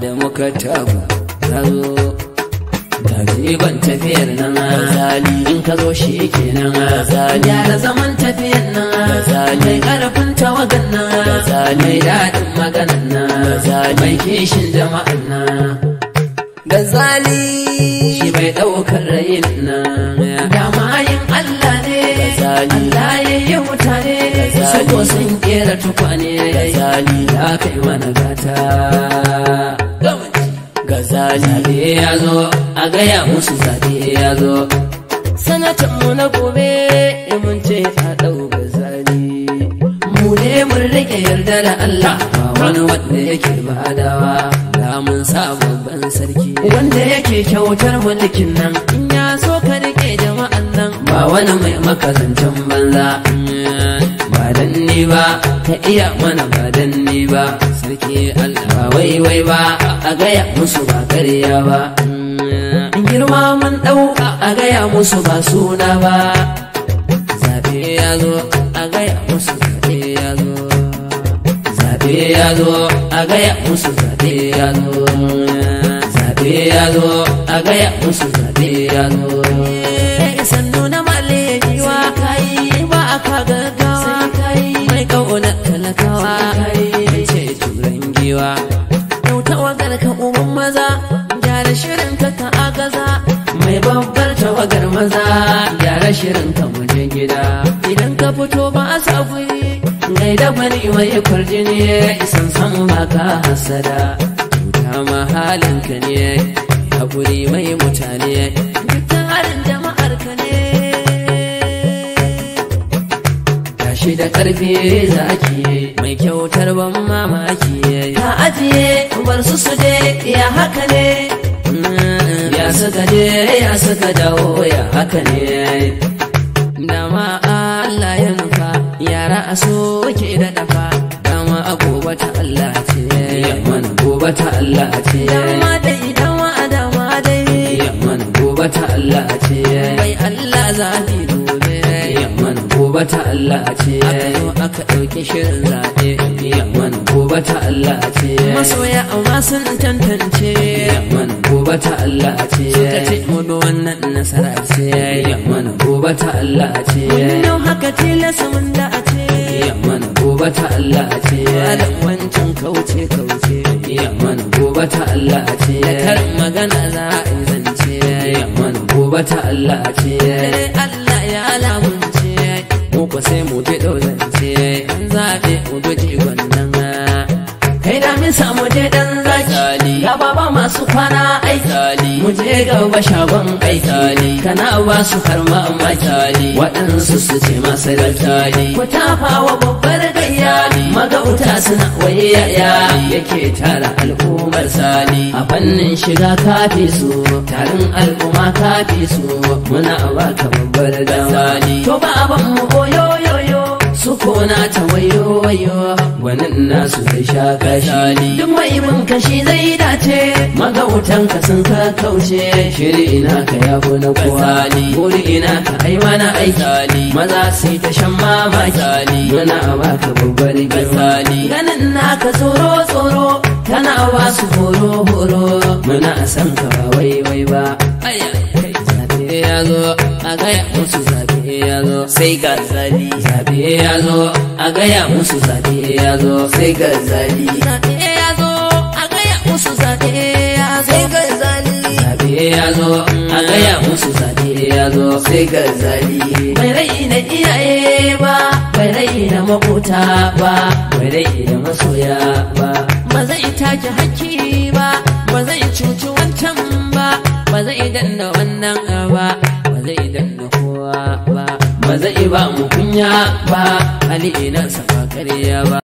da muka tabu ka zo ka ban tafiyar nan zali in ka zo shi a zali ya zaman tafiyar nan zali mai karfin tawagan nan zali mai daɗin maganan nan zali mai kishin jama'an nan gazali shi mai ɗaukar rayin nan Allah ya yi mutane wasu ko sun kera tukwane Gazali zali ya kai mana gata Gazali zali ya zo a gaya musu zabe ya zo sanatan mu na gobe ya mun ce ta dau gazali. mu ne mun rike yarda da Allah ba wani wanda yake badawa da mun sa babban sarki wanda yake kyautar mulkin nan ba wani mai makarantar banza ba dan ne ba ta iya mana ba dan ne ba sarki Allah ba wai wai ba a gaya musu ba karya ba girma mun ɗauka a gaya musu ba suna ba zabe ya zo a gaya musu zabe ya zo zabe ya zo a gaya musu zabe ya zo zabe ya zo a gaya musu zabe ya zo aka gaggawa mai kauna talakawa ce turan giwa kyauta wagar ka uban maza gyara shirin ka ta agaza mai babbar tawagar maza gyara shirin ka muje gida idan ka fito ba a sa guri gaida bani mai kwarjini isan san ba ka hasada kyauta mahalinka ne hakuri mai mutane da karfi zaki mai kyautar ban mamaki ka ajiye bar su su je ya haka ne mm, ya suka je ya suka dawo ya haka ne dama Allah ya nufa yara a so ke da dafa dama a gobe ta Allah ce mana gobe ta Allah ce dama dai dama a dama dai yamman gobe ta Allah ce bai Allah zafi mana gobe ta Allah a ce aka ɗauki shirin zaɓe biyan mana gobe ta Allah a ce masoya amma sun tantance mana gobe ta Allah a ce suka ce mu bi wannan nasara ce mana gobe ta Allah a ce yau haka tilasa mun da a ce mana gobe ta Allah a ce da wancan kauce kauce mana gobe ta Allah a ce da karin magana za a yi zance mana gobe ta Allah a ce zaɓe wannan kai da min samu je dan zaki ga baba masu kwana ai mu je gaba shagon ai kana ba su amma zali waɗansu su ce masu rantali ku tafa wa babbar gayya magauta suna waye yaya yake tara al'ummar sali a fannin shiga kafi su tarin al'umma kafi su muna ba ka babbar dan to ba abin mu na ta wayo wayo gwanin nasu zai sha kashi duk mai mun kashi zai dace wutan ka sun ka kauce shiri ina ka ya na kowa buri ina ka ai mana aiki maza sai ta shan mamaki muna baka babbar girma ganin naka tsoro tsoro kana ba su horo horo muna san ka ba wai wai ba ya zo a gaya musu zabe zabe sai ga zali zabe ya zo a gaya musu zabe ya zo sai ga zali zabe ya zo a gaya musu zabe ya zo sai ga zali zabe ya a gaya musu zabe ya sai ga zali bai rai na iyaye ba bai rai na makota ba bai rai na masoya ba ba zai take hakki ba ba zai cuci wancan ba ba zai danna wannan ba mu kunya ba hali ina sa ba ya ba